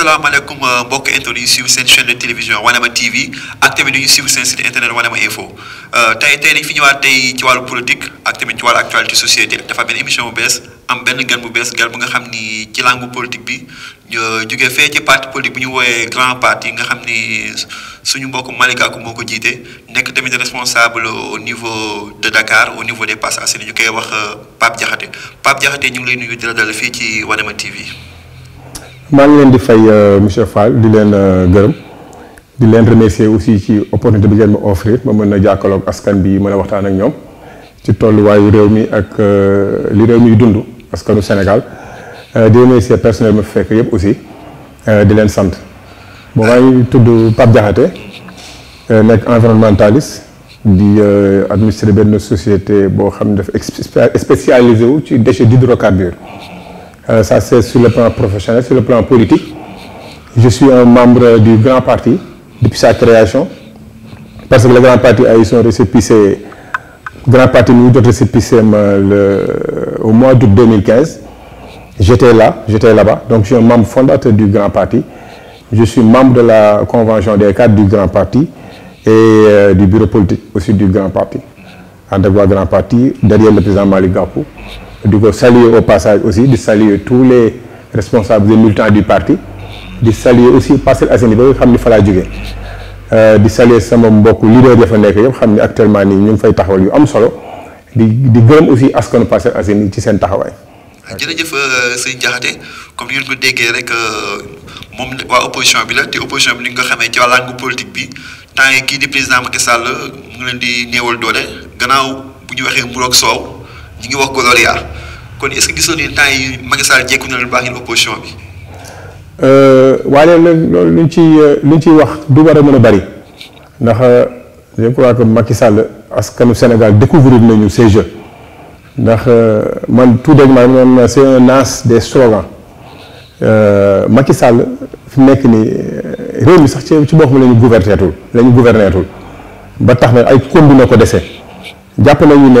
asalaamaaleykum euh, mbokk internet yu suivre seen chaîne de télévision Wanema TV ak tamit yu suivre seen site internet Wanema info euh, tey tey dañ fi ñëwaat tey ci wàllu politique ak tamit ci wàllu actualité société dafa benn émission bu bees am benn gan bu bees gan bu nga xam ni ci langue politique bi euh, jógee fee ci parti politique bu ñu wooyee grand parti nga xam ni suñu mbokk malika ko moo ko jiite nekk tamit responsable au niveau de Dakar au niveau des Parcelles Assainies ñu koy wax Pape Diakhaté Pape Diakhaté ñu ngi lay nuyu di la fii ci Wanema TV. maa ngi leen di fay euh, monsieur Fall di leen euh, gërëm di leen remercier aussi ci opportunité bi ngeen ma offrir ma mën a jàkkaloog askan bi mën a waxtaan ak ñoom ci tolluwaayu réew mi ak euh, li réew mi dund askanu Sénégal di remercier personnel ma fekk yëpp aussi di leen sant bon maa ngi tudd Pape Diakhaté nekk environnementaliste di administrer benn société boo xam ne dafa spécialisé wu ci déchets d'hydrocarbures Euh, ça, c'est sur le plan professionnel, sur le plan politique. Je suis un membre du Grand Parti depuis sa création. Parce que le Grand Parti a eu son récépissé, Grand Parti nous récépissé au mois d'août 2015. J'étais là, j'étais là-bas. Donc, je suis un membre fondateur du Grand Parti. Je suis membre de la convention des cadres du Grand Parti et euh, du bureau politique aussi du Grand Parti. En Grand Parti, derrière le président Malik Gapou de ko saluer au passage aussi de saluer tous les responsables et militants du parti de saluer aussi Parcelles Assainies ba nga xam ni fa laa jógee euh, di saluer sama beaucoup leader ya fa nekk yëpp xam ni actuellement nii ñu ngi fay taxawal yu am solo di di gërëm aussi askanu Parcelles Assainies ci seen taxawaay. jërëjëf euh, sëñ Diakhaté comme ni ngeen ko déggee rek euh, moom waa opposition bi la te opposition bi ni nga ko xamee ci waa langue politique bi temps yi kii di président Macky Sall mu ngi leen di néewal doole gannaaw bu ñu waxee mburoog soow. ñu ngi wax Gloria kon est-ce que gis temps yi Macky Sall na lu baax ñun opposition bi. Euh, waaye nag loolu luñ ciy euh, luñ ciy wax du war a mën a bari ndax euh, je crois que Macky Sall askanu Sénégal découvrir nañu ces jeux ndax man tout de même c'est un as des slogans Macky Sall fi nekk nii réew mi sax ci ci boppam la ñu gouvernetul la gouvernetul ba tax na ay kondu na ko dese jàpp nañu ne.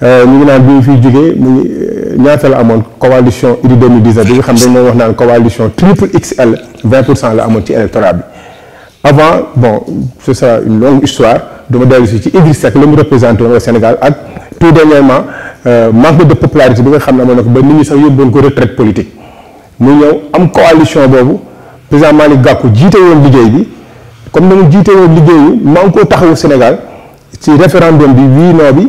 Euh, ñu ngi naan bi ñu fiy jógee mu ngi euh, ñaata la coalition Idy 2019 bi nga xam dañ moo wax naan coalition triple XL 20 pour la amoon ci électorat bi avant bon ce sera une longue histoire duma dellu si ci Idriss Seck la mu représenté au Sénégal ak tout dernièrement euh, manque de popularité bi nga xam ne ba nit ñi sax yóbboon ko retraite politique mu ñëw am coalition boobu président Malik Gakou jiite woon liggéey bi comme na mu jiite woon liggéey bi maa ngi koo taxawu Sénégal ci référendum bi wii noo bi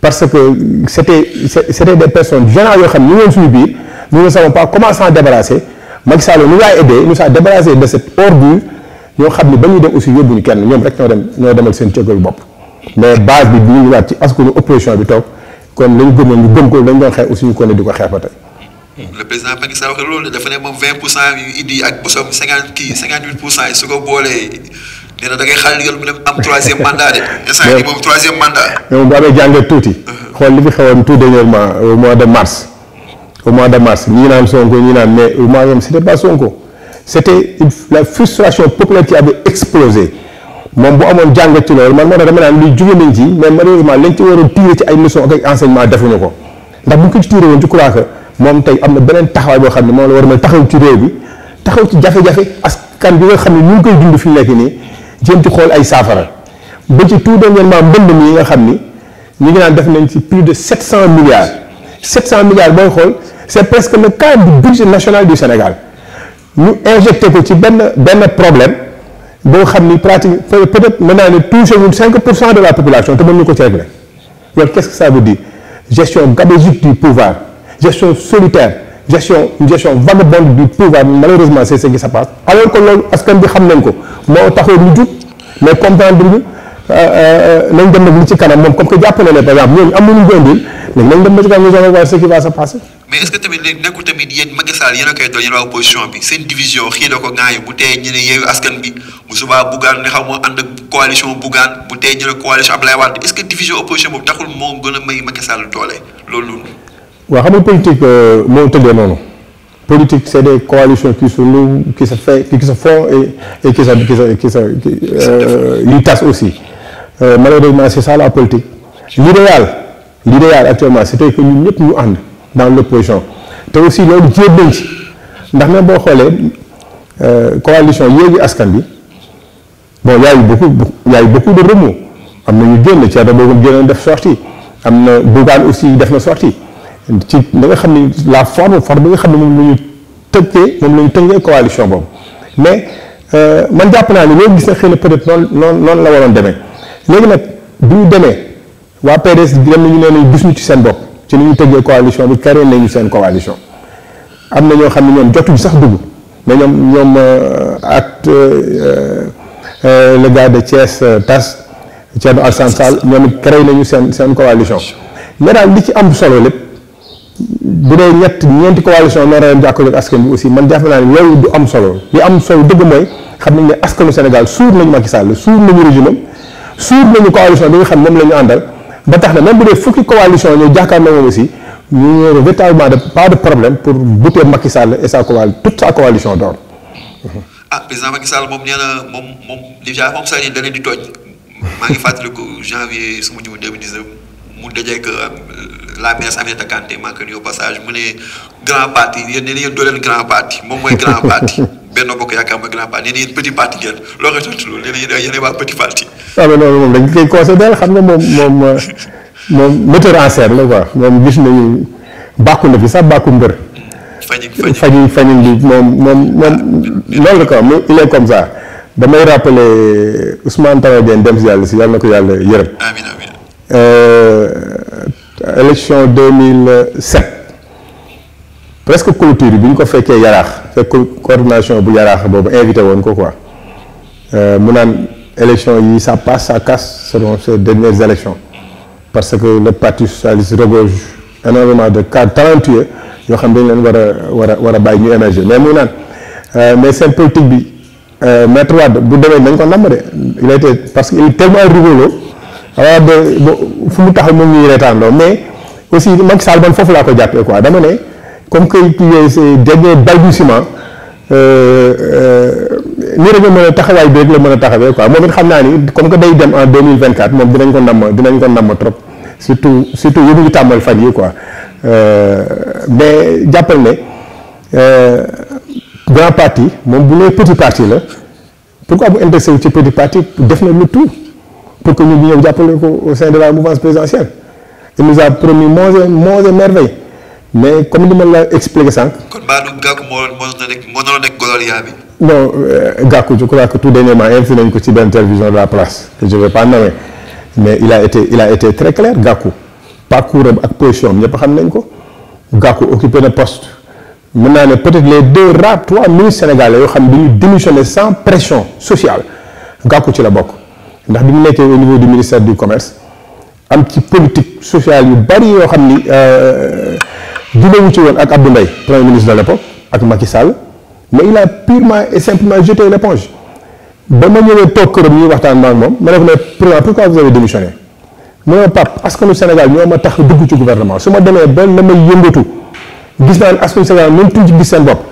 parce que c'était c'était des personnes générales yoo xam ne ñu ngi suñu biir nous ne savons pas comment s'en débarrasser Macky Sall nous a aidé nous a débarrassé de cette ordure ñoo xam ne ba ñuy dem aussi yóbbuñu kenn ñoom rek ñoo dem ñoo demal seen cëggal bopp mais base bi ñu ngi waat ci askanu opposition bi toog kon lañu gëmoon ñu gëm ko lañ doon xeex aussi ñu ko ne di le président Macky Sall wax loolu dafa ne moom 20 pour cent yu ak 50 kii 58 pour cent yi su ko boolee nee na da ngay xaar yoon bi dem am troisième mandat de. instant yii boobu troisième mandat. yow bu amee jàngat tuuti. Uh-huh. xool li fi xewoon tout dernièrement au mois de mars. au mois de mars ñii naan Sonko ñii naan mais au mois de mars c'était pas Sonko c'était la frustration populaire qui avait explosé moom bu amoon jàngat ci loolu man moo dama naan luy jóge nañ ci mais malheureusement lañ ci waroon tirer ci ay leçons ak ay enseignement defuñu ko ndax bu ko ci tirer woon ci crois que moom tey am na beneen taxawaay boo xam ne moom la war a mën taxaw ci réew bi taxaw ci jafe-jafe askan bi nga xam ne ñu ngi koy dund fi mu nekk nii. Je ci xool ay saafara ba ci tout dernièrement mbënd mi nga xam ni ngi plus de 700 milliards 700 milliards booy c'est presque le quart du budget national du Sénégal Nous injecté ko ci benn benn problème boo peut-être mën naa ne touché de la population qu'est-ce que ça veut dire gestion gabegique du pouvoir gestion solitaire gestion une gestion vagabonde du pouvoir malheureusement c'est ce qui se passe alors que loolu askan bi xam nañ ko moo taxoon ñu jub mais comprendre ñu euh, euh, euh, nañ dem nag li ci kanam moom comme que jàpp na ne par exemple ñooñu amuñu góobeel léegi nañ dem ba ci kanam ñu soxla ce qui va se passer. mais est ce que tamit léegi nekkul tamit yéen Macky Sall yéen a koy doon yéen waa opposition bi seen division xii na ko ŋaay bu tey ñu ne yeewu askan bi bu subaa Bougane ne xam moo ànd ak coalition Bougane bu tey ñu ne coalition Abdoulaye Wade est ce que division opposition boobu taxul moo gën a may Macky Sall doole loolu waaw xam politique euh, moo tëddee non politique c'est des coalitions qui se nouent qui se fait qui se font et et qui se qui se qui se yu euh, aussi euh, malheureusement c'est ça la politique l'idéal l'idéal actuellement c'était que ñun ñëpp ñu ànd dans le projet te aussi le jéem nañ ci ndax même boo xoolee coalition Yewwi Askan bon bon y a eu beaucoup y a eu beaucoup de remous am na ñu génn Thierno Bocoum génn def sortie am na Bougane aussi def na sortie ci da nga xam ni la forme forme bi nga xam ne moom la ñu tënkee moom la ñu tënkee coalition boobu mais man jàpp naa ni loolu gis na xëy na peut être noonu noonu noonu la waroon demee léegi nag bu ñu demee waa PDS dem nañu nee gis ñu ci seen bopp ci ni ñu tëggee coalition bi créé nañu seen coalition am na ñoo xam ne ñoom jotuñ sax dugg mais ñoom ñoom ak le gars de Thiès TAS Thierno Alassane Sall ñoom it créé nañu seen seen coalition mais daal li ci am solo lépp bu dee ñett ñeenti coalition ñoo doon jàkkaarloog askan bi aussi man jàpp naa ne loolu du am solo li am solo dëgg mooy xam nañ ne askanu Sénégal am suur nañu coalition bi xam moom la ñu àndal ba tax na même bu dee fukki coalition ñoo jàkkaarloo moom aussi ñu ñëw véritablement de pas de problème pour buter sa coal toute sa coalition d'or. ah président Macky moom nee na moom di tooñ maa ngi fàttaliku janvier su ma mundaje que la messe avait été cantée ma que au passage mune grand parti yeen ne yeen do len grand parti mom moy grand parti benno bokk yakam grand parti yeen petit parti yeen lo nga tontu lol yeen yeen wa petit parti ah mais non mom dañ koy considérer xam nga mom mom mom moteur en serre la quoi mom gis nañu bakku na fi sa bakku mbeur fañi fañi fañi bi mom mom mom lol ko il est comme ça damay rappeler Ousmane Tawadien dem ci yalla ci yalla nako yalla yeureum amin amin euh élection 2007 presque clôture bi ñu ko fekkee yaraax coordination bu yaraax boobu invité woon ko quoi euh, mu naan élection yi ça passe ça casse selon ces dernières élections parce que le parti socialiste regorge énormément de cadres talentueux yoo xam dañ leen war a war a ñu émerger mais mu naan euh, mais seen politique bi Euh, Wade bu demee dañ ko namm de il était parce qu'il il est tellement rigolo. alors de fu mu taxaw moom ñuy reetaanloo mais aussi Macky Sall man foofu laa ko jàppee quoi dama ne comme que ces derniers balbutiements euh, euh, nii rek la mën a taxawaay bi rek la mën a taxawee quoi moom it xam naa ni comme que day dem en 2024 moom dinañ ko namm dinañ ko namm trop surtout surtout yu ñu tàmmal fan yi quoi euh, mais jàppal ne grand parti moom bu nee petit parti la pourquoi bu intéressé wu ci petit parti def na lu tout pour que ñu ñëw jàppale ko au sein de la mouvance présidentielle il nous a promis moins de, merveilles mais comment vous ma la expliqué ça non euh, Gakou je crois que tout dernièrement il a fait une petite télévision de la place je ne vais pas nommer mais il a été il a été très clair Gakou parcours et position n'y a pas de problème. Gakou occupé le poste Maintenant, peut-être les deux rats, trois ministres sénégalais ont xam démissionné sans pression sociale Gakou tu la là ndax a au niveau du ministère du commerce am ci politique sociale yu bari yoo xam ni jubóowu euh, ci woon ak Abdou Mbaye premier ministre de l'époque ak Macky Sall mais il a purement et simplement jeté l'éponge ba ma ñëwee toog këram ñuy waxtaan ma ak moom ma ne ko président pourquoi vous avez démissionné mu ne ma Pape askanu Sénégal ñoo ma tax dugg ci gouvernement su ma demee ba la may yëngatu gis naa ne askanu Sénégal mënatuñ ci gis seen bopp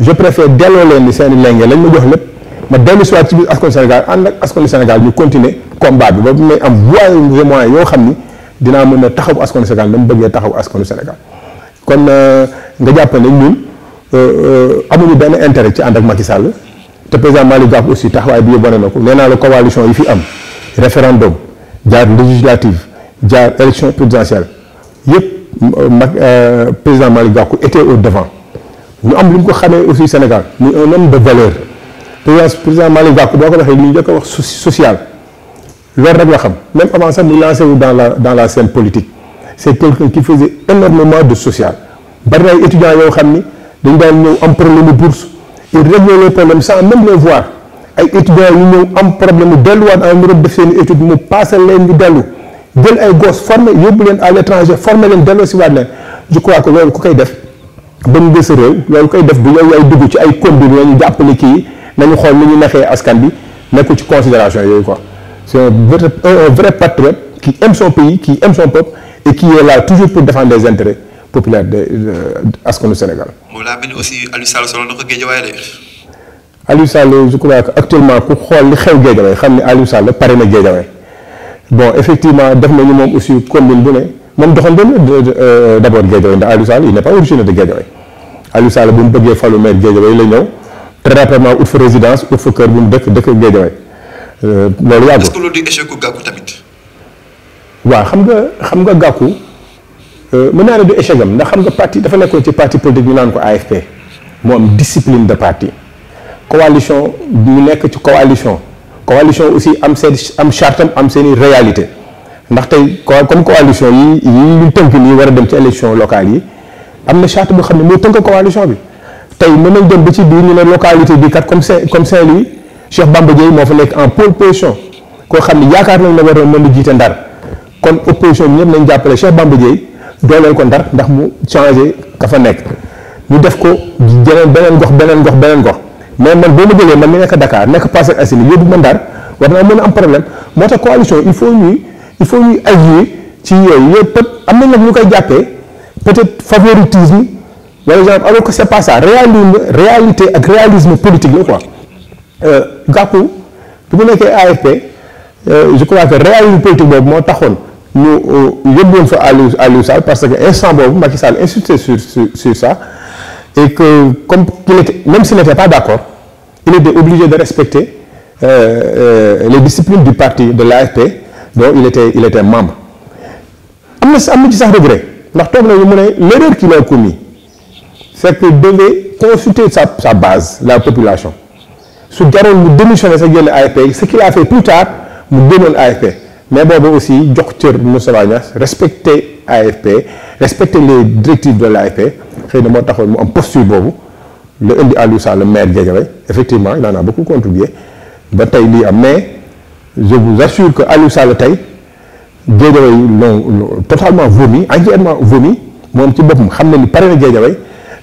je préfère delloo leen ni seen i lenge lañ ma jox lépp. ma dellu si waat ci biir askanu Sénégal ànd ak askanu Sénégal ñu continuer combat bi ba may am moyens moyens yoo xam ni dinaa mën a taxaw askanu Sénégal dama bëggee taxaw askanu Sénégal kon euh, nga jàpp ne ñun euh, euh, amuñu benn intérêt ci ànd ak Macky Sall te président Malick Gakou aussi taxawaay bi yëpp wane na ko nee naa la coalition yi fi am référendum jaar législative jaar élection présidentielle yëpp mag président Malick Gakou était au devant ñu am lu ñu ko xamee aussi Sénégal muy un de président Malick Gakou boo ko waxee ni ñu njëkk wax social lool rek la xam même avant ça mu lancé wu dans la dans la scène politique c'est quelqu'un qui faisait énormément de social bari na ay étudiants yoo xam ni dañ dal ñeu am problème de bourse et réglait les problèmes sans même les voir ay étudiants yu ñëw am problème mu delluwaat en Europe def seen étude mu passé leen ñu dellu jël ay gosses formé yóbbu leen à l'étranger étranger formé leen delloo ci waat leen je crois que lool ku koy def bañu mu gës a réew loolu koy def bu yow yaay dugg ci ay combine la ñu jàppale ki nañu xool ni ñu naxee askan bi nekku ci considération yooyu quoi c'est un vrai un vrai patriote qui aime son pays qui aime son peuple et qui est là toujours pour défendre les intérêts populaires de euh, askanu Sénégal. Mawla bi aussi Aliou Sall solo ko Guédiawaye Aliou Sall je crois que actuellement ku xool li xew Guédiawaye xam ne Aliou Sall pare na Guédiawaye bon effectivement def nañu moom aussi commune bu ne moom doxandoon na d' euh, abord Guédiawaye ndax Aliou Sall il n' est pas originaire de Guédiawaye Aliou Sall bu mu bëggee falu maire Guédiawaye la ñëw. très rapidement ut fa résidence ut fa kër bu mu dëkk dëkk Guédiawaye euh, loolu yàggul. loolu di échec Gakou tamit. waaw xam nga xam nga Gakou euh, mën naa ne du échec am ndax xam nga parti dafa nekkoon ci parti politique ñu naan ko AFP moo de parti coalition ñu nekk ci coalition coalition aussi am seen am charte am seen i réalité ndax tey comme coalition yi yi ñu tënk nii war a dem ci élection locale yi am na charte boo xam ne moo tënk coalition bi. tey mën nañ dem ba ci biir ñu ne localité bi kat comme Saint comme Saint-Louis Cheikh Bamba Dièye moo fa nekk en pole position koo xam ne yaakaar nañ ne war na mën di jiite ndar kon opposition bi ñëpp jàppale Cheikh Bamba Dièye dooleel ko ndax mu changé ka fa nekk ñu def ko jeneen beneen gox beneen gox beneen gox mais man boo ma jëlee ma ndar war naa mën a am problème moo tax coalition il faut ñuy il faut ñuy agir ci yooyu yooyu peut am na nag ñu koy jàppee peut-être favoritisme alors que c'est pas ça réalisme réalité et réalisme politique quoi euh, gàppu le mu nekkee AFP euh, je crois que réalisme politique boobu moo nous nous, euh, yóbbuwoon fa Aliou Aliou parce que instant boobu Macky Sall insisté sur sur sur ça et que comme était même s'il n'était pas d'accord, il était obligé de respecter euh, les disciplines du parti de l'AFP dont il était il était membre mais ça me ça ça regret ndax l'erreur qu'il a commis c'est que devait consulter sa, sa, base, la population. Ce garon nous démissionne de l'AFP, ce qu'il a fait plus tard, nous donnons l'AFP. Mais bon, aussi, docteur Moussa respecter l'AFP, respectez les directives de l'AFP, c'est une posture bobu. Le Aloussa, le maire Gagaway, effectivement, il en a beaucoup contribué. Mais je vous assure que Aloussa le Taï, totalement vomi, entièrement vomi. Moi, un petit peu, je sais que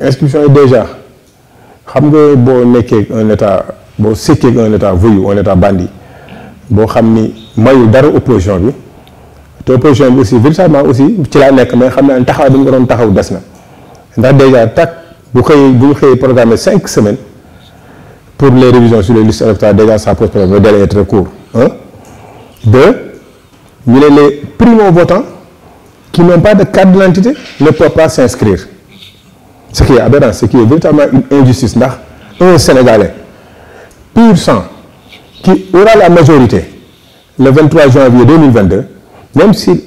inscription est déjà xam nga un état bo ou un état un état bandit bo xam ni dara opposition bi to opposition aussi aussi ci mais taxaw taxaw na ndax déjà tak bu cinq semaines pour les révisions sur les listes électorales déjà ça pose problème le délai est très court hein. deux ñu les primo votants qui n'ont pas de carte d'identité ne peuvent pas s'inscrire ce qui est aberrant, ce qui est véritablement une injustice. Là, un Sénégalais, pur sang, qui aura la majorité le 23 janvier 2022, même, si,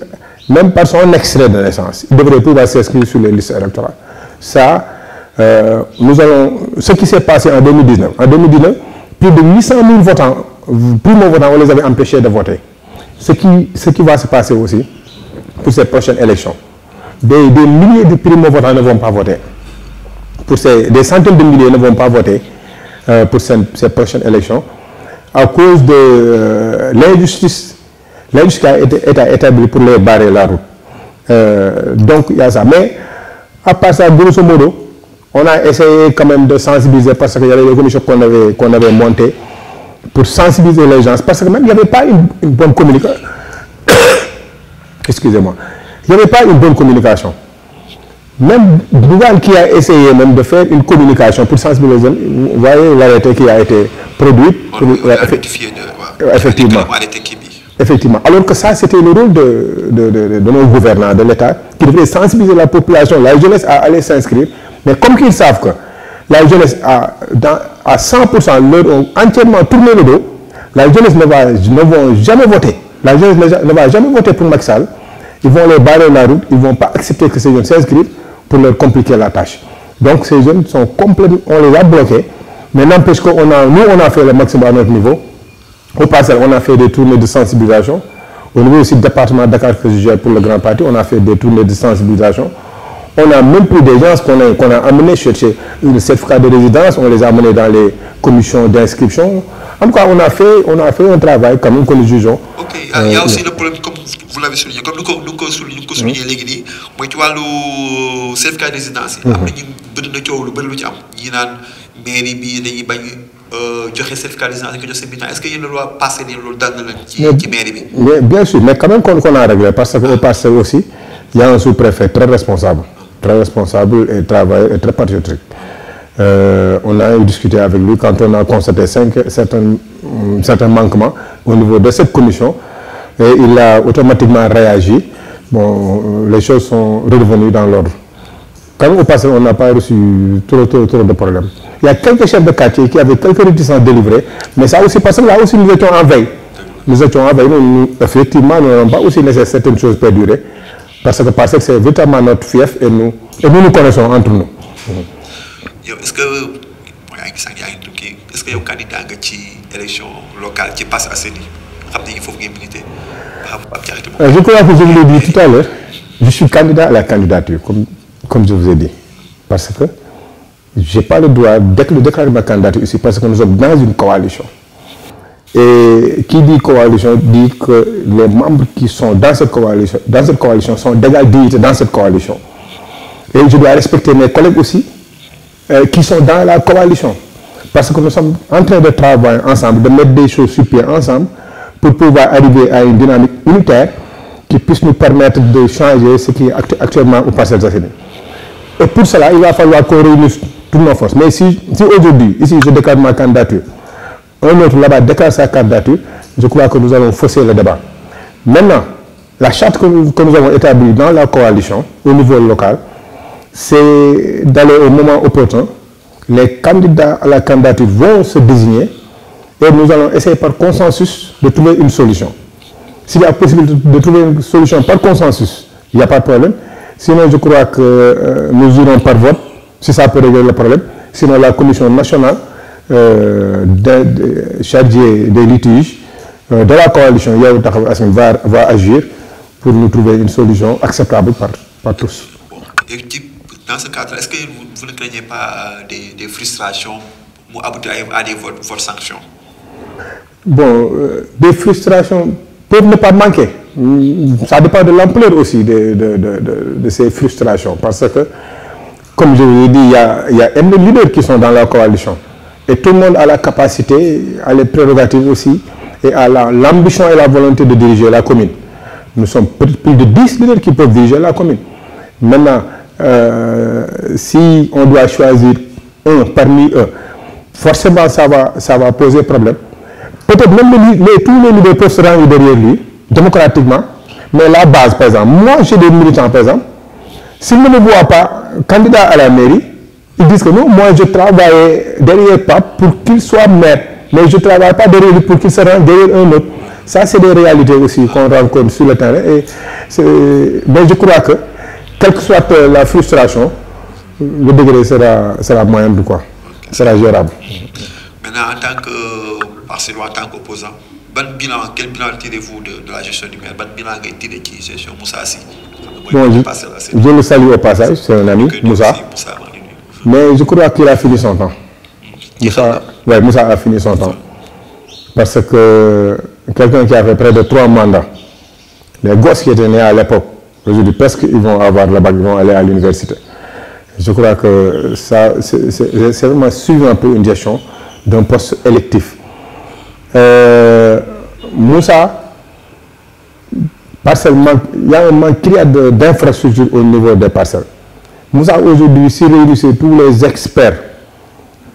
même par son extrait de naissance, il devrait pouvoir s'inscrire sur les listes électorales. Ça, euh, nous allons, ce qui s'est passé en 2019, en 2019, plus de 800 000 votants, plus votants, on les avait empêchés de voter. Ce qui, ce qui va se passer aussi pour ces prochaines élections. Des, des milliers de primo-votants ne vont pas voter des centaines de milliers ne vont pas voter euh, pour ces, ces, prochaines élections à cause de euh, l'injustice, l'injustice qui a été, établie pour les barrer la route. Euh, donc il y a ça. Mais à part ça, grosso modo, on a essayé quand même de sensibiliser parce qu'il y avait des commissions qu'on avait, qu'on avait montées pour sensibiliser les gens. Parce que même il n'y avait pas une, bonne communication. Excusez-moi. Il n'y avait pas une bonne communication. Même Bougal qui a essayé même de faire une communication pour sensibiliser, vous voyez l'arrêté qui a été produit. effectivement. Effectivement. Alors que ça, c'était le rôle de, de, de, nos gouvernants, de l'État, qui devait sensibiliser la population, la jeunesse à aller s'inscrire. Mais comme qu'ils savent que la jeunesse a, dans, à 100% leur entièrement tourné le dos, la jeunesse ne va, ne vont jamais voter. La jeunesse ne, va jamais voter pour Maxal. Ils vont les barrer la route, ils ne vont pas accepter que ces jeunes s'inscrivent pour leur compliquer la tâche. Donc ces jeunes sont complètement, on les a bloqués, mais n'empêche qu'on a, nous on a fait le maximum à notre niveau. Au passage, on a fait des tournées de sensibilisation. Au niveau aussi du département Dakar que pour le Grand Parti, on a fait des tournées de sensibilisation. On a même pris des gens qu'on a, amenés chercher une certificat de résidence, on les a amenés dans les commissions d'inscription, en on a fait, on a fait un travail comme même que nous jugeons. Ah, il y a euh, aussi le problème, comme vous l'avez souligné, comme nous avons nous souligné tu vois le résidence. Mm-hmm. nous euh, est-ce que y mairie bien sûr mais quand même qu'on a réglé parce que ah. aussi il y a un sous-préfet très responsable très responsable et travail et très patriotique euh, on a discuté avec lui quand on a constaté mm, certains, manquements au niveau de cette commission. Et il a automatiquement réagi. Bon, euh, les choses sont redevenues dans l'ordre. Quand au passé, on n'a pas reçu trop, de problèmes. Il y a quelques chefs de quartier qui avaient quelques réticences délivrées, mais ça aussi, parce que là aussi, nous étions en veille. Nous étions en veille, nous, effectivement, nous n'avons pas aussi laissé certaines choses perdurer, parce que parce que c'est véritablement notre fief et nous, et nous nous connaissons entre nous est-ce que y a un sax qui est-ce que candidat élection locale qui passe à xam Il faut ngeen militer euh, je crois que je vous l'ai dit tout à l'heure je suis candidat à la candidature comme comme je vous ai dit parce que je n'ai pas le droit de déclarer ma candidature ici parce que nous sommes dans une coalition. Et qui dit coalition dit que les membres qui sont dans cette coalition, dans cette coalition sont déjà dit dans cette coalition. Et je dois respecter mes collègues aussi, euh, qui sont dans la coalition. Parce que nous sommes en train de travailler ensemble, de mettre des choses sur pied ensemble pour pouvoir arriver à une dynamique unitaire qui puisse nous permettre de changer ce qui est actuellement au passé de Et pour cela, il va falloir qu'on réunisse toutes nos forces. Mais si, si aujourd'hui, ici, je déclare ma candidature, un autre là-bas déclare sa candidature, je crois que nous allons fausser le débat. Maintenant, la charte que nous, que nous avons établie dans la coalition au niveau local, c'est d'aller au moment opportun. Les candidats à la candidature vont se désigner et nous allons essayer par consensus de trouver une solution. S'il y a possibilité de trouver une solution par consensus, il n'y a pas de problème. Sinon, je crois que euh, nous irons par vote, si ça peut régler le problème. Sinon, la commission nationale euh, chargée des litiges euh, de la coalition Yahoo va, va agir pour nous trouver une solution acceptable par, par tous ce cadre, est-ce que vous, ne craignez pas euh, des, frustrations ou à des sanctions Bon, euh, des frustrations peuvent ne pas manquer. Mm, ça dépend de l'ampleur aussi de, ces frustrations. Parce que, comme je vous ai dit, il y a, un y leaders qui sont dans la coalition. Et tout le monde a la capacité, a les prérogatives aussi, et a l'ambition et la volonté de diriger la commune. Nous sommes plus de 10 leaders qui peuvent diriger la commune. Maintenant, euh, si on doit choisir un parmi eux, forcément ça va, ça va poser problème. Peut-être même les, tous les leaders peuvent se rendre derrière lui, démocratiquement, mais la base, par exemple, moi j'ai des militants, par exemple, s'ils ne me voient pas candidat à la mairie, ils disent que non, moi je travaille derrière pas pour qu'il soit maire, mais je ne travaille pas derrière lui pour qu'il se rende derrière un autre. Ça, c'est des réalités aussi qu'on rencontre sur le terrain. Et mais je crois que quelle que soit euh, la frustration, le degré sera, sera moyen de quoi Sera gérable. Maintenant, en tant que Marcelo, en tant qu'opposant, quel bilan, tirez-vous de, la gestion du maire Quel bilan tirez de qui gestion Moussa Assi je, le salue au passage, c'est un ami, Moussa. Mais je crois qu'il a fini son temps. Moussa, Moussa a fini son temps. Parce que quelqu'un qui avait près de trois mandats, les gosses qui étaient nés à l'époque, Aujourd'hui, presque, ils vont avoir la bague, ils vont aller à l'université. Je crois que ça, c'est vraiment suivre un peu une gestion d'un poste électif. Euh, Moussa, il y a un manque d'infrastructures au niveau des parcelles. Moussa, aujourd'hui, s'il réunissait tous les experts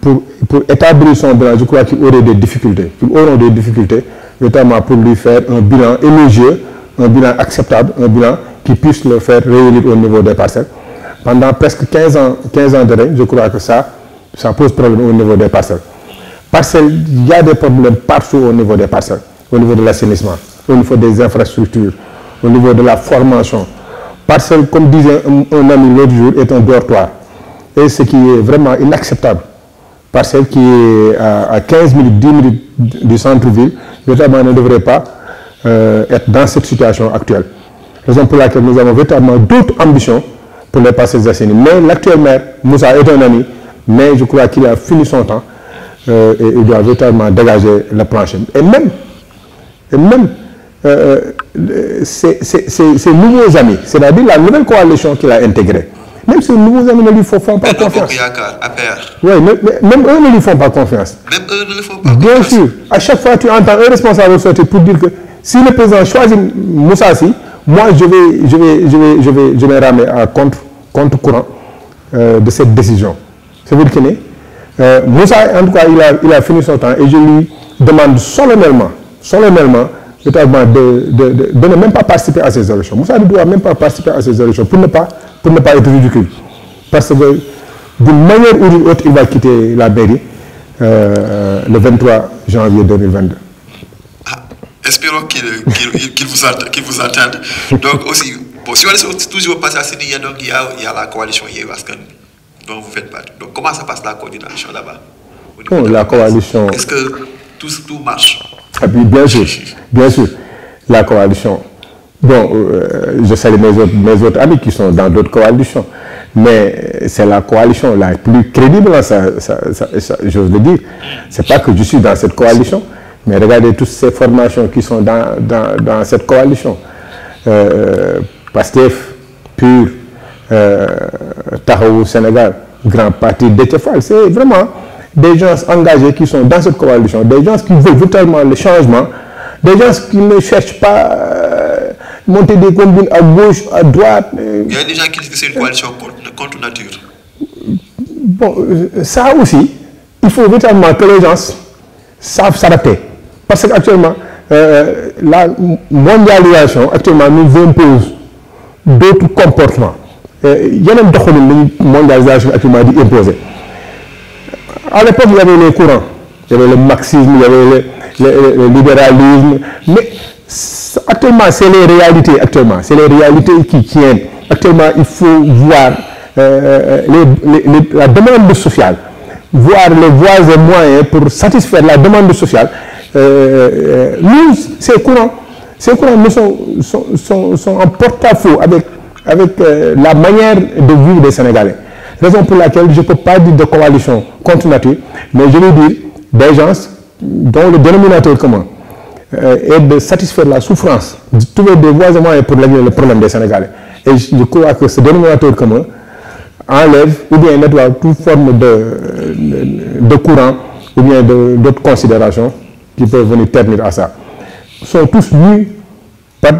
pour, établir son bilan, je crois qu'il aurait des difficultés. Ils auront des difficultés, notamment pour lui faire un bilan élogieux, un bilan acceptable, un bilan qui le faire réunir au niveau des parcelles. Pendant presque 15 ans, 15 ans de règne, je crois que ça, ça pose problème au niveau des parcelles. Parcelles, il y a des problèmes partout au niveau des parcelles, au niveau de l'assainissement, au niveau des infrastructures, au niveau de la formation. Parcelles, comme disait un, ami l'autre jour, est un dortoir. Et ce qui est vraiment inacceptable, parce qui est à, 15 minutes, 10 minutes du centre-ville, notamment ne devrait pas euh, être dans cette situation actuelle pour laquelle nous avons véritablement d'autres ambitions pour les passer se Mais l'actuel maire, Moussa est un ami, mais je crois qu'il a fini son temps euh, et il doit véritablement dégager la prochaine. Et même, et même euh, euh, ses, nouveaux amis, c'est-à-dire la nouvelle coalition qu'il a intégrée, même ces nouveaux amis ne lui font pas confiance. Oui, même eux ne lui font pas confiance. Même eux ne lui font pas confiance. Bien sûr, à chaque fois tu entends un responsable sortir pour dire que si le président choisit Moussa si, moi, je vais, je vais, je vais, je vais, je vais à contre, courant euh, de cette décision. C'est vous le connaissez euh, Moussa, en tout cas, il a, il a, fini son temps et je lui demande solennellement, solennellement, de, de, de, de, ne même pas participer à ces élections. Moussa ne doit même pas participer à ces élections pour ne pas, pour ne pas être ridicule. Parce que d'une manière ou d'une autre, il va quitter la mairie euh, le 23 janvier 2022 espérons qu'il vous, attend vous Donc aussi, bon, si on est toujours passé à Sydney donc il y, a, la coalition Yévaskan donc vous faites partie. Donc comment ça passe la coordination là-bas oh, La coalition... Est-ce que tout, tout marche ah, Bien sûr, bien sûr. La coalition, Bon, euh, je salue mes autres, mes autres amis qui sont dans d'autres coalitions, mais c'est la coalition la plus crédible, hein, ça, ça, ça, ça j'ose le dire. C'est pas que je suis dans cette coalition, mais regardez toutes ces formations qui sont dans, dans, dans cette coalition. Euh, euh PASTEF, PUR, euh, Tahoe, Sénégal, Grand Parti, d'ETEFAL c'est vraiment des gens engagés qui sont dans cette coalition, des gens qui veulent totalement le changement, des gens qui ne cherchent pas euh, monter des combines à gauche, à droite. Il y a des gens qui disent que c'est une coalition contre, contre, nature. Bon, euh, ça aussi, il faut véritablement que les gens savent s'adapter. Parce qu'actuellement, euh, euh, la mondialisation actuellement nous impose d'autres comportements. Il y a même la mondialisation actuellement dit imposée. À l'époque, il y avait les courants, il y avait le marxisme, il y avait le, libéralisme, mais actuellement, c'est les réalités actuellement, c'est les réalités qui tiennent. Actuellement, il faut voir euh, la demande sociale, voir les voies et moyens pour satisfaire la demande sociale euh, euh, nous, ces courants, ces nous sont, en porte-à-faux avec, avec euh, la manière de vivre des Sénégalais. Raison pour laquelle je ne peux pas dire de coalition contre nature, mais je veux dire des gens dont le dénominateur commun est de satisfaire la souffrance de trouver des voies et pour régler le problème des Sénégalais. Et je, crois que ce dénominateur commun enlève ou bien nettoie toute forme de, de, de courant ou bien d'autres considérations qui peuvent venir terminer à ça, sont tous nus par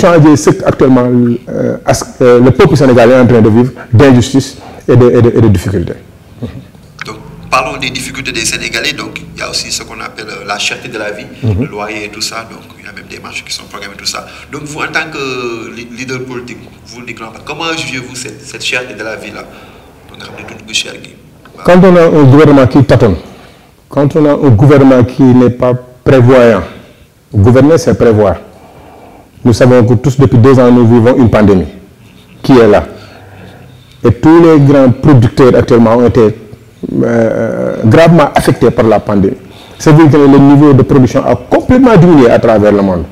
changer ce qu'actuellement euh, euh, le peuple sénégalais est en train de vivre d'injustice et de, difficultés. Donc, parlons des difficultés des Sénégalais. Donc, il y a aussi ce qu'on appelle euh, la cherté de la vie, mhm. le loyer et tout ça. Donc, il y a même des marches qui sont programmées, tout ça. Donc, vous, en tant que leader politique, vous le comment jugez-vous cette, cette, cherté de la vie-là Quand on a un gouvernement qui tâtonne, quand on a un gouvernement qui n'est pas prévoyant, gouvernement c'est prévoir. Nous savons que tous, depuis deux ans, nous vivons une pandémie qui est là. Et tous les grands producteurs actuellement ont été euh, gravement affectés par la pandémie. cest à que le niveau de production a complètement diminué à travers le monde.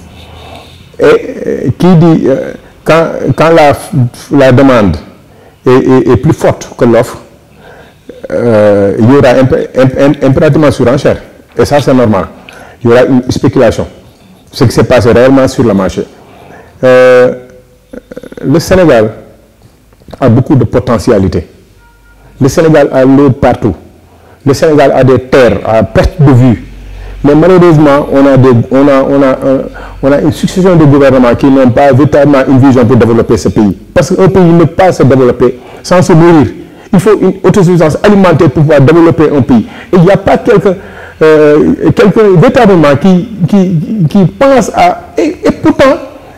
Et euh, qui dit, euh, quand, la, demande est plus forte que l'offre, euh, il y aura un impérativement surenchère. Et ça, c'est normal. Il y aura une spéculation. Ce qui se passe réellement sur le marché. Euh, le Sénégal a beaucoup de potentialités. Le Sénégal a l'eau partout. Le Sénégal a des terres à perte de vue. Mais malheureusement, on a, on a, on a, une succession de gouvernements qui n'ont pas véritablement une vision pour développer ce pays. Parce qu'un pays ne peut pas se développer sans se nourrir. Il faut une autosuffisance alimentaire pour pouvoir développer un pays. Et il n'y a pas quelques euh, véritablement qui, qui, à... Et, pourtant,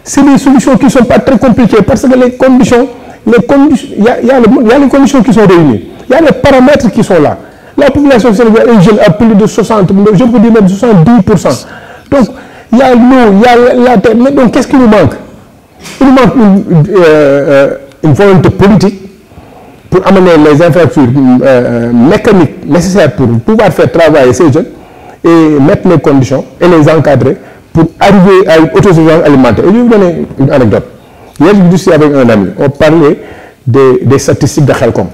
c'est des solutions qui ne sont pas très compliquées parce que les conditions, les conditions, il y a, y a les conditions qui sont réunies. Il y a les paramètres qui sont là. La population sénégalaise est à plus de 60, je peux dire même 70%. Donc, il y a l'eau, il y a la, terre. Mais donc, qu'est-ce qui nous manque Il nous manque une, euh, euh, une volonté politique pour amener les infrastructures euh, euh, mécaniques nécessaires pour pouvoir faire travailler ces jeunes et mettre les conditions et les encadrer pour arriver à une autosuffisance alimentaire. Et je vais vous donner une anecdote. Hier, je suis avec un ami, on parlait des, statistiques de Khelkom.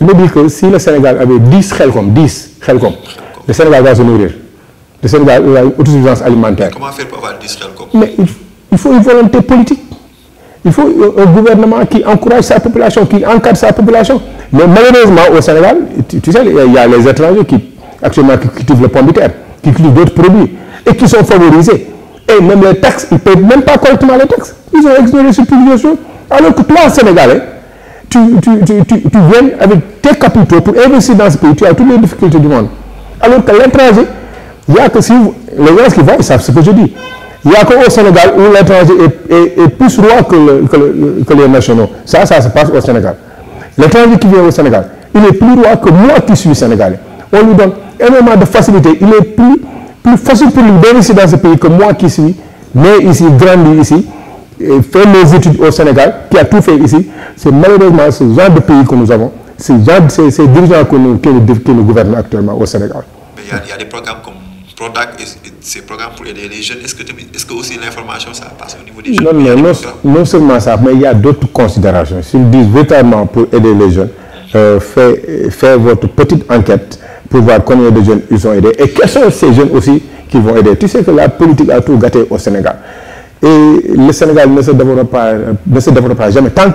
Il me dit que si le Sénégal avait 10 Khelkom, 10 Khelkom, le Sénégal va se nourrir. Le Sénégal a une autosuffisance alimentaire. Comment faire pour avoir 10 Khelkom Mais il faut une volonté politique. Il faut euh, un gouvernement qui encourage sa population, qui encadre sa population. Mais malheureusement, au Sénégal, tu, sais, il y a les étrangers qui, actuellement, qui cultivent le pomme de terre, qui cultivent d'autres produits, et qui sont favorisés. Et même les taxes, ils ne payent même pas correctement les taxes. Ils ont exonéré sur obligation. Alors que toi, Sénégalais, tu, tu, tu, tu, viens avec tes capitaux pour investir dans ce pays, tu as toutes les difficultés du monde. Alors que l'étranger, il n'y a que si les gens qui vont, ils savent ce que je dis. Il y a qu'au Sénégal où l'étranger est, plus roi que, les nationaux. Ça, ça se passe au Sénégal. L'étranger qui vient au Sénégal, il est plus roi que moi qui suis sénégalais. On lui donne énormément de facilité. Il est plus, plus facile pour lui ici dans ce pays que moi qui suis né ici, grandi ici, et fait mes études au Sénégal, qui a tout fait ici. C'est malheureusement ce genre de pays que nous avons, c'est de, ces, dirigeants que nous, qui, actuellement au Sénégal. Il il y a des programmes comme ces programmes pour aider les jeunes, est-ce que, aussi l'information, ça passe au niveau des jeunes Non, non, seulement ça, mais il y a d'autres considérations. S'ils disent véritablement pour aider les jeunes, euh, faites faire votre petite enquête pour voir combien de jeunes ils ont aidé et quels sont ces jeunes aussi qui vont aider. Tu sais que la politique a tout gâté au Sénégal. Et le Sénégal ne se développera, ne se développera jamais tant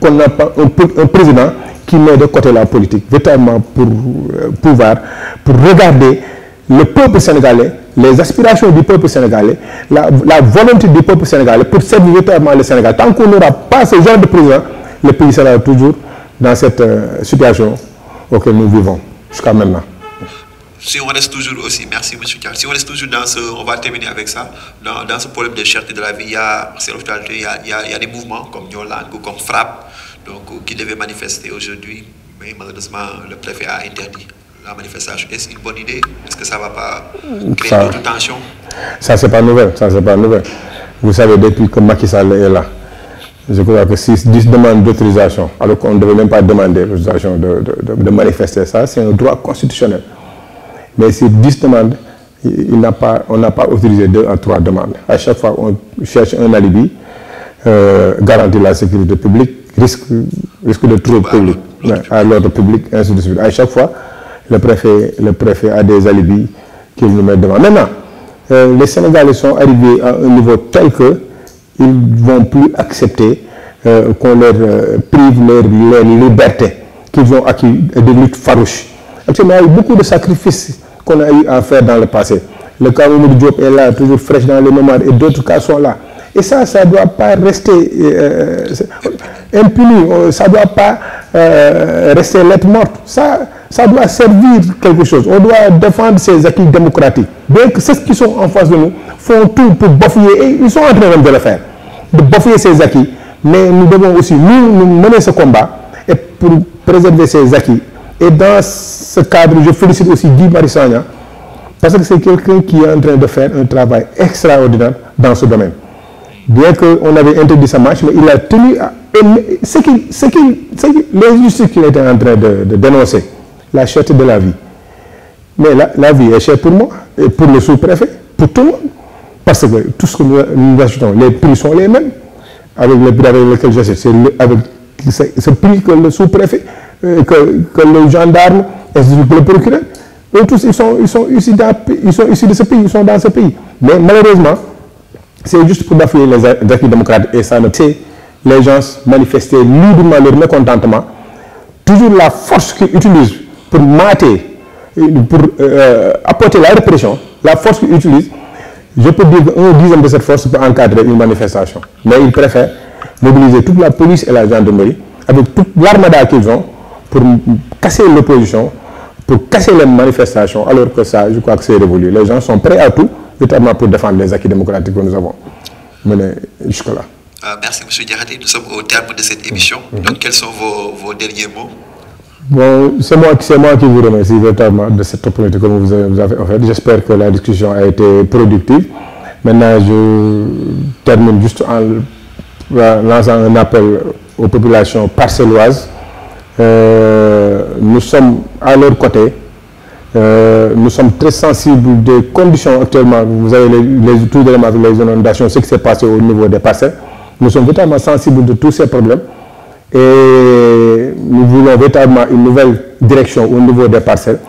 qu'on n'a pas un, président qui met de côté la politique, véritablement pour euh, pouvoir, pour regarder le peuple sénégalais, les aspirations du peuple sénégalais, la, la volonté du peuple sénégalais pour servir véritablement le Sénégal. Tant qu'on n'aura pas ce genre de président, le pays sera toujours dans cette euh, situation auquel nous vivons jusqu'à maintenant. Si on reste toujours aussi, merci M. Charles, si on reste toujours dans ce, on va terminer avec ça, dans, dans ce problème de cherté de la vie, il y a, il y a, il y a des mouvements comme Yolang ou comme Frappe, donc, euh, qui devaient manifester aujourd'hui, mais malheureusement le préfet a interdit la manifestation Est-ce une bonne idée Est-ce que ça ne va pas hmm. créer ça, d'autres Ça, c'est pas nouvelle. Ça, c'est pas nouvelle. Vous savez, depuis que Macky Sall est là, je crois que si 10 demandes d'autorisation, alors qu'on ne devait même pas demander l'autorisation de, de, manifester ça, c'est un droit constitutionnel. Mais si 10 demandes, il, pas, on n'a pas autorisé deux à trois demandes. À chaque fois, on cherche un alibi, euh, garantir la sécurité publique, risque, risque de troubles bah, publics, à l'ordre public, ainsi de suite. À chaque fois, le préfet, le préfet a des alibis qu'il nous met devant. Maintenant, euh, les Sénégalais sont arrivés à un niveau tel que ils ne vont plus accepter euh, qu'on leur euh, prive leur, liberté qu'ils ont acquis des lutte farouches. Actuellement, il y a eu beaucoup de sacrifices qu'on a eu à faire dans le passé. Le cas où Diop est là, toujours fraîche dans les mémoires, et d'autres cas sont là. Et ça, ça ne doit pas rester impuni, ça ne doit pas rester lettre morte. Ça, ça doit servir quelque chose. On doit défendre ces acquis démocratiques. Bien que ceux qui sont en face de nous font tout pour bafouiller, et ils sont en train de le faire, de bafouiller ces acquis. Mais nous devons aussi, nous, mener ce combat et pour préserver ces acquis. Et dans ce cadre, je félicite aussi Guy Marissagna, parce que c'est quelqu'un qui est en train de faire un travail extraordinaire dans ce domaine. Bien qu'on avait interdit sa marche, mais il a tenu à... Ce qui, ce qu'il était en train de dénoncer, la cherté de la vie. Mais la, vie est chère pour moi, et pour le sous-préfet, pour tout le monde. Parce que tout ce que nous, achetons, les prix sont les mêmes. Avec le prix avec lequel j'achète, c'est avec ce prix que le sous-préfet, euh, que, le gendarme, et que le procureur. Eux tous, ils sont, ils, sont ici ils sont ici de ce pays, ils sont dans ce pays. Mais malheureusement, c'est juste pour d'appuyer les acquis démocrates et ça noter les gens manifester librement leur mécontentement. Toujours la force qu'ils utilisent pour mater, pour euh, apporter la répression, la force qu'ils utilisent, je peux dire qu'un dixième de cette force peut encadrer une manifestation. Mais il préfère mobiliser toute la police et la gendarmerie, avec toute l'armada qu'ils ont, pour casser l'opposition, pour casser les manifestations, alors que ça, je crois que c'est révolu. Les gens sont prêts à tout, notamment pour défendre les acquis démocratiques que nous avons menés jusque-là. Ah, merci, M. Nous sommes au terme de cette émission. Mm-hmm. Donc, quels sont vos derniers mots c'est moi, c'est moi, qui vous remercie de cette opportunité que vous avez, offerte. J'espère que la discussion a été productive. Maintenant, je termine juste en lançant un appel aux populations parcelloises. Euh, nous sommes à leur côté. Euh, nous sommes très sensibles des conditions actuellement. Vous avez les, les, tous les les inondations, ce qui s'est passé au niveau des parcelles. Nous sommes totalement sensibles de tous ces problèmes. Et nous voulons véritablement une nouvelle direction au niveau des parcelles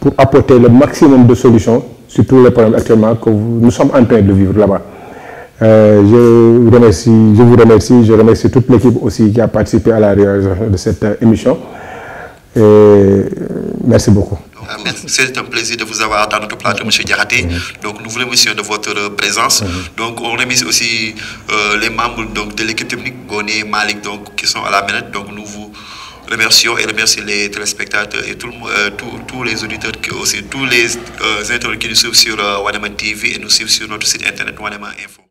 pour apporter le maximum de solutions sur tous les problèmes actuellement que nous sommes en train de vivre là-bas. Euh, je, vous remercie, je vous remercie, je remercie toute l'équipe aussi qui a participé à la réalisation de cette émission. Et euh, merci beaucoup. C'est un plaisir de vous avoir dans notre plateau, M. Diarraté. Donc, nous vous remercions de votre euh, présence. Donc, on remercie aussi euh, les membres donc, de l'équipe technique, Goné, Malik, donc, qui sont à la manette. Donc, nous vous remercions et remercions les téléspectateurs et euh, tous les auditeurs, qui, aussi tous les internautes qui nous suivent sur Wanema TV et nous suivent sur notre site internet Wanema Info.